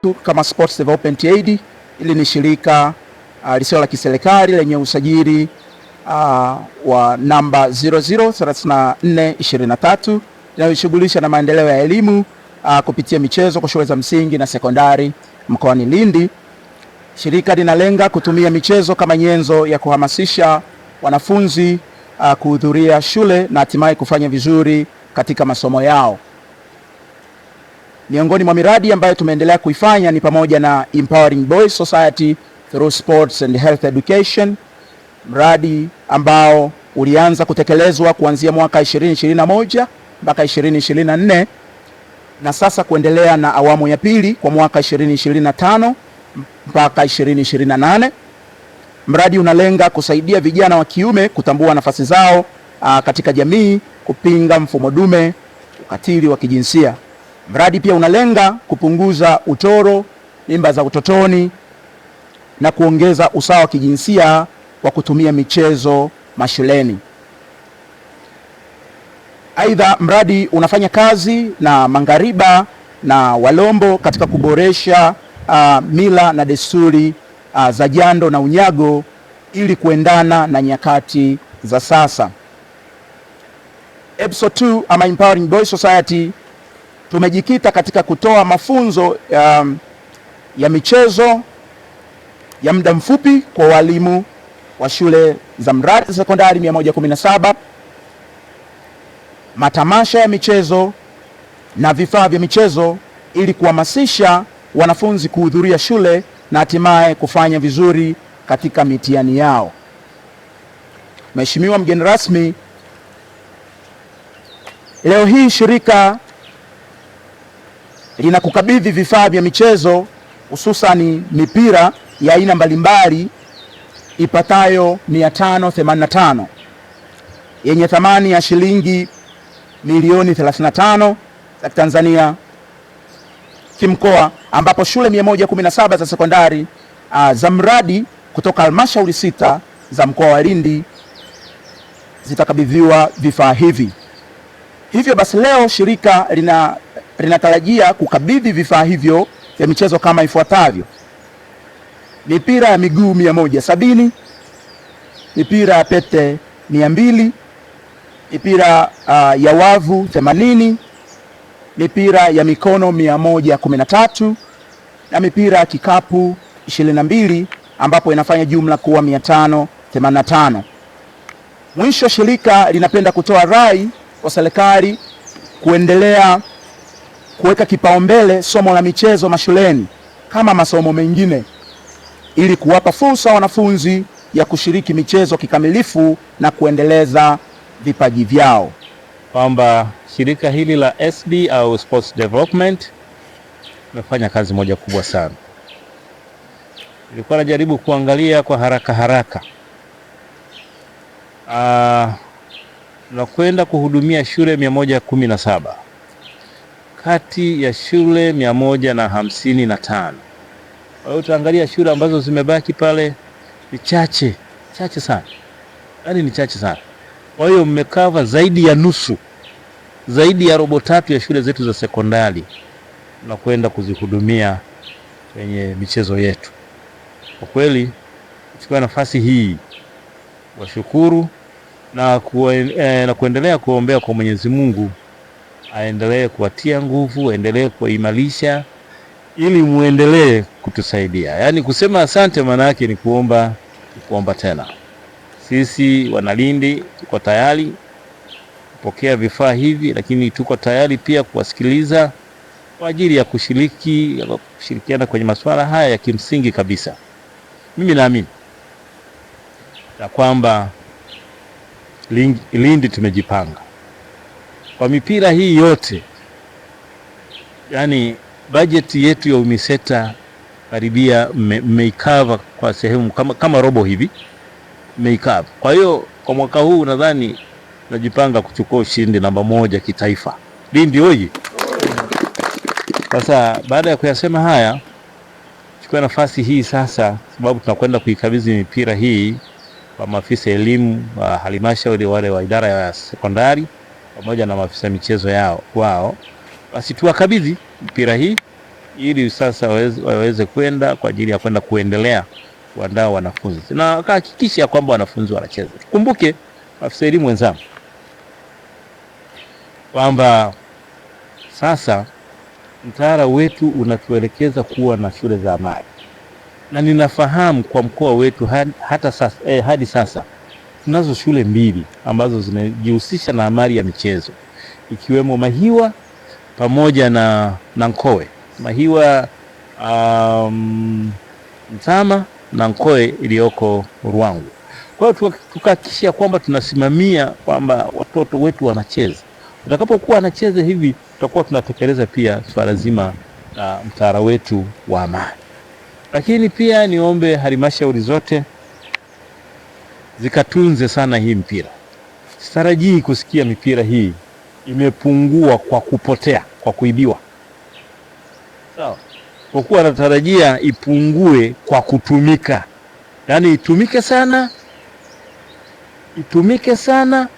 Kama Sports Development Aid, hili ni shirika uh, lisilo la kiserikali lenye usajili uh, wa namba 003423 linalojishughulisha na maendeleo ya elimu uh, kupitia michezo kwa shule za msingi na sekondari mkoani Lindi. Shirika linalenga kutumia michezo kama nyenzo ya kuhamasisha wanafunzi uh, kuhudhuria shule na hatimaye kufanya vizuri katika masomo yao. Miongoni mwa miradi ambayo tumeendelea kuifanya ni pamoja na Empowering Boys Society through sports and health education, mradi ambao ulianza kutekelezwa kuanzia mwaka 2021 mpaka 2024 na sasa kuendelea na awamu ya pili kwa mwaka 2025 mpaka 2028. Mradi unalenga kusaidia vijana wa kiume kutambua nafasi zao a, katika jamii, kupinga mfumo dume, ukatili wa kijinsia. Mradi pia unalenga kupunguza utoro, mimba za utotoni na kuongeza usawa wa kijinsia kwa kutumia michezo mashuleni. Aidha, mradi unafanya kazi na Mangariba na Walombo katika kuboresha uh, mila na desturi uh, za jando na unyago ili kuendana na nyakati za sasa. EPSO 2 ama Empowering Boy Society tumejikita katika kutoa mafunzo ya, um, ya michezo ya muda mfupi kwa walimu wa shule za mradi za sekondari 117, matamasha ya michezo na vifaa vya michezo ili kuhamasisha wanafunzi kuhudhuria shule na hatimaye kufanya vizuri katika mitihani yao. Mheshimiwa mgeni rasmi, leo hii shirika linakukabidhi vifaa vya michezo hususani mipira ya aina mbalimbali ipatayo 585 yenye thamani ya shilingi milioni 35 za Tanzania kimkoa, ambapo shule 117 za sekondari uh, za mradi kutoka halmashauri sita za mkoa wa Lindi zitakabidhiwa vifaa hivi. Hivyo basi leo shirika lina linatarajia kukabidhi vifaa hivyo vya michezo kama ifuatavyo: mipira ya miguu mia moja sabini mipira ya pete mia mbili mipira uh, ya wavu 80 mipira ya mikono mia moja na tatu na mipira ya kikapu 22 ambapo inafanya jumla kuwa mia tano. Mwisho, shirika linapenda kutoa rai kwa serikali kuendelea kuweka kipaumbele somo la michezo mashuleni kama masomo mengine ili kuwapa fursa wanafunzi ya kushiriki michezo kikamilifu na kuendeleza vipaji vyao, kwamba shirika hili la SD au Sports Development imefanya kazi moja kubwa sana. Nilikuwa najaribu kuangalia kwa haraka haraka, ah, kwenda kuhudumia shule mia moja kumi na saba kati ya shule mia moja na hamsini na tano. Kwa hiyo utaangalia shule ambazo zimebaki pale ni chache chache sana, yaani ni chache sana. Kwa hiyo mmekava zaidi ya nusu, zaidi ya robo tatu ya shule zetu za sekondari na kwenda kuzihudumia kwenye michezo yetu. Kwa kweli chukua nafasi hii washukuru na, eh, na kuendelea kuombea kwa Mwenyezi Mungu aendelee kuwatia nguvu, aendelee kuwaimarisha ili muendelee kutusaidia. Yaani kusema asante maana yake ni kuomba, kuomba tena. Sisi Wanalindi tuko tayari kupokea vifaa hivi, lakini tuko tayari pia kuwasikiliza kwa ajili ya kushiriki, kushirikiana kwenye masuala haya ya kimsingi kabisa. Mimi naamini ya kwamba Lindi tumejipanga. Kwa mipira hii yote, yani bajeti yetu ya UMISETA karibia mmeikava kwa sehemu kama, kama robo hivi mmeikava. Kwa hiyo kwa mwaka huu nadhani najipanga kuchukua ushindi namba moja kitaifa. Lindi oye! Sasa baada ya kuyasema haya, chukua nafasi hii sasa, sababu tunakwenda kuikabidhi mipira hii kwa maafisa elimu wa halmashauri wale wa idara ya sekondari pamoja na maafisa michezo yao wao, basi tuwakabidhi mpira hii ili sasa waweze, waweze kwenda kwa ajili ya kwenda kuendelea kuandaa wanafunzi na wakahakikisha kwamba wanafunzi wanacheza. Tukumbuke afisa elimu wenzangu kwamba sasa mtaala wetu unatuelekeza kuwa na shule za amali, na ninafahamu kwa mkoa wetu hadi, hata sasa, eh, hadi sasa tunazo shule mbili ambazo zinajihusisha na amali ya michezo ikiwemo Mahiwa pamoja na Nankowe. Mahiwa um, Mtama na Nkoe iliyoko Ruangu. Kwa hiyo tukahakikisha kwamba tunasimamia kwamba watoto wetu wanacheza. Utakapokuwa wanacheza hivi, tutakuwa tunatekeleza pia swala zima la uh, mtaala wetu wa amani. Lakini pia niombe halmashauri zote zikatunze sana hii mpira. Sitarajii kusikia mipira hii imepungua kwa kupotea, kwa kuibiwa, sawa. Kwa kuwa natarajia ipungue kwa kutumika, yaani itumike sana, itumike sana.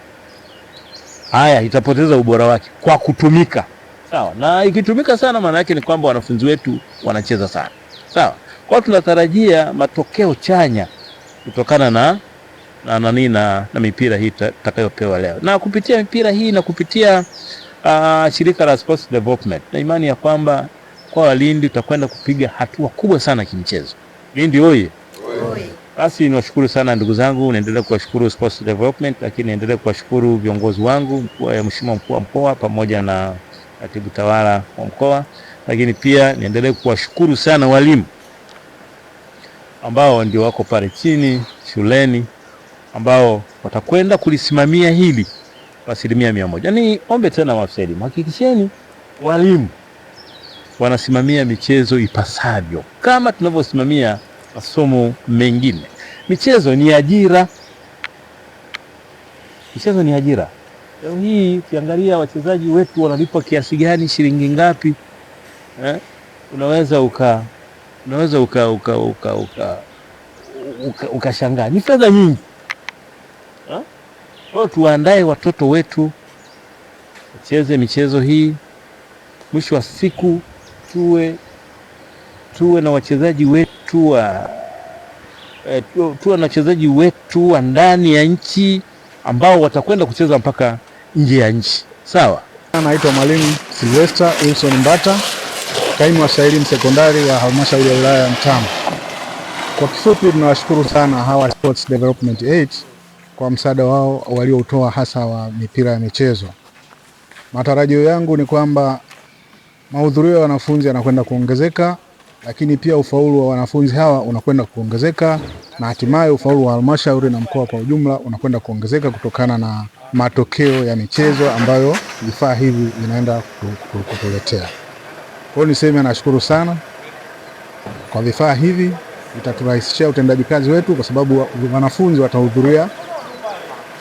Haya, itapoteza ubora wake kwa kutumika, sawa. Na ikitumika sana, maana yake ni kwamba wanafunzi wetu wanacheza sana, sawa. Kwa hiyo tunatarajia matokeo chanya kutokana na na, nani na, na mipira hii takayopewa leo na kupitia mipira hii na kupitia uh, shirika la Sports Development na imani ya kwamba kwa walindi tutakwenda kupiga hatua kubwa sana kimchezo. Lindi oye! Basi niwashukuru sana ndugu zangu, naendelea kuwashukuru Sports Development, lakini naendelea kuwashukuru viongozi wangu, eh, mheshimiwa mkuu wa mkoa pamoja na katibu tawala wa mkoa, lakini pia niendelee kuwashukuru sana walimu ambao ndio wako pale chini shuleni ambao watakwenda kulisimamia hili kwa asilimia mia moja. Ni ombe tena maafisa hakikisheni walimu wanasimamia michezo ipasavyo kama tunavyosimamia masomo mengine. Michezo ni ajira, michezo ni ajira. Leo hii ukiangalia wachezaji wetu wanalipwa kiasi gani, shilingi ngapi eh? Unaweza uka unaweza uka uka, uka, uka, uka, uka ni fedha nyingi. Kwa hiyo tuwaandae watoto wetu wacheze michezo hii, mwisho wa siku tuwe tuwe na wachezaji wetu wa e, tuwe na wachezaji wetu wa ndani ya nchi ambao watakwenda kucheza mpaka nje ya nchi. Sawa. Naitwa Mwalimu Silvester Wilson Mbata, kaimu wa elimu sekondari wa halmashauri ya wilaya ya Mtama. Kwa kifupi, tunawashukuru sana hawa Sports Development 8 kwa msaada wao walioutoa hasa wa mipira ya michezo. Matarajio yangu ni kwamba mahudhurio ya wanafunzi yanakwenda kuongezeka, lakini pia ufaulu wa wanafunzi hawa unakwenda kuongezeka na hatimaye ufaulu wa halmashauri na mkoa kwa ujumla unakwenda kuongezeka kutokana na matokeo ya michezo ambayo vifaa hivi vinaenda kutuletea. Kwa hiyo niseme nashukuru sana kwa vifaa hivi, itaturahisishia utendaji kazi wetu kwa sababu wanafunzi watahudhuria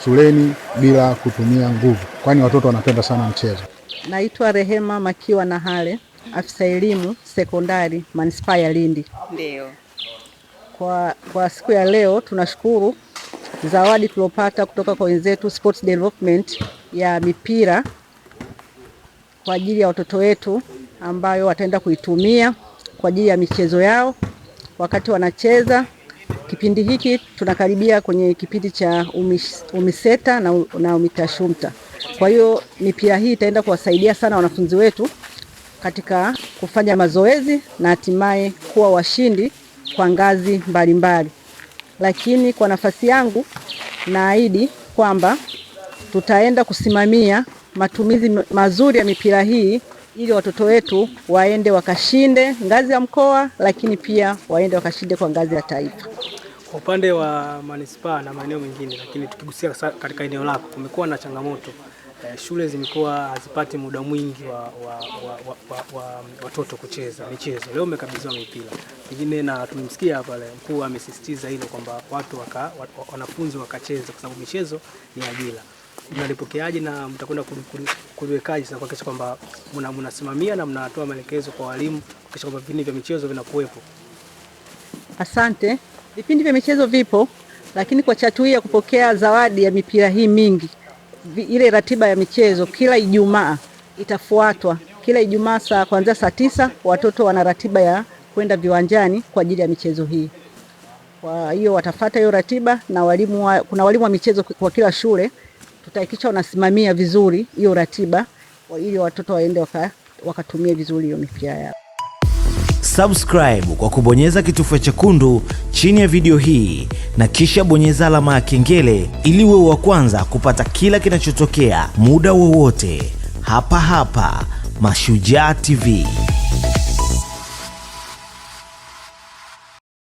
shuleni bila kutumia nguvu, kwani watoto wanapenda sana mchezo. Naitwa Rehema Makiwa Nahale, afisa elimu sekondari manispaa ya Lindi. Ndio kwa, kwa siku ya leo tunashukuru zawadi tuliopata kutoka kwa wenzetu Sports Development ya mipira kwa ajili ya watoto wetu ambayo wataenda kuitumia kwa ajili ya michezo yao wakati wanacheza. Kipindi hiki tunakaribia kwenye kipindi cha umish, UMISETA na, na UMITASHUMTA. Kwa hiyo mipira hii itaenda kuwasaidia sana wanafunzi wetu katika kufanya mazoezi na hatimaye kuwa washindi kwa ngazi mbalimbali mbali. Lakini kwa nafasi yangu naahidi kwamba tutaenda kusimamia matumizi mazuri ya mipira hii ili watoto wetu waende wakashinde ngazi ya mkoa, lakini pia waende wakashinde kwa ngazi ya taifa. Kwa upande wa manispaa na maeneo mengine, lakini tukigusia katika eneo lako, kumekuwa na changamoto eh, shule zimekuwa hazipati muda mwingi wa, wa, wa, wa, wa, wa watoto kucheza michezo. Leo umekabidhiwa mipira pengine, na tumemsikia pale mkuu amesisitiza hilo kwamba watu waka, wanafunzi wakacheza, kwa sababu michezo ni ajira. Mnalipokeaje na mtakwenda kuliwekaje sasa kuhakikisha kwamba mnasimamia na mnatoa maelekezo kwa walimu kuhakikisha kwamba vipindi vya michezo vinakuwepo? Asante. Vipindi vya michezo vipo, lakini kwa chatu hii ya kupokea zawadi ya mipira hii mingi, ile ratiba ya michezo kila Ijumaa itafuatwa. Kila Ijumaa saa kuanzia saa tisa watoto wana ratiba ya kwenda viwanjani kwa ajili ya michezo hii. Kwa hiyo watafata hiyo ratiba na walimu wa, kuna walimu wa michezo kwa kila shule, tutahakikisha wanasimamia vizuri hiyo ratiba ili watoto waende wakatumie waka vizuri hiyo mipira yao subscribe kwa kubonyeza kitufe chekundu chini ya video hii na kisha bonyeza alama ya kengele ili wewe wa kwanza kupata kila kinachotokea muda wowote hapa hapa Mashujaa TV.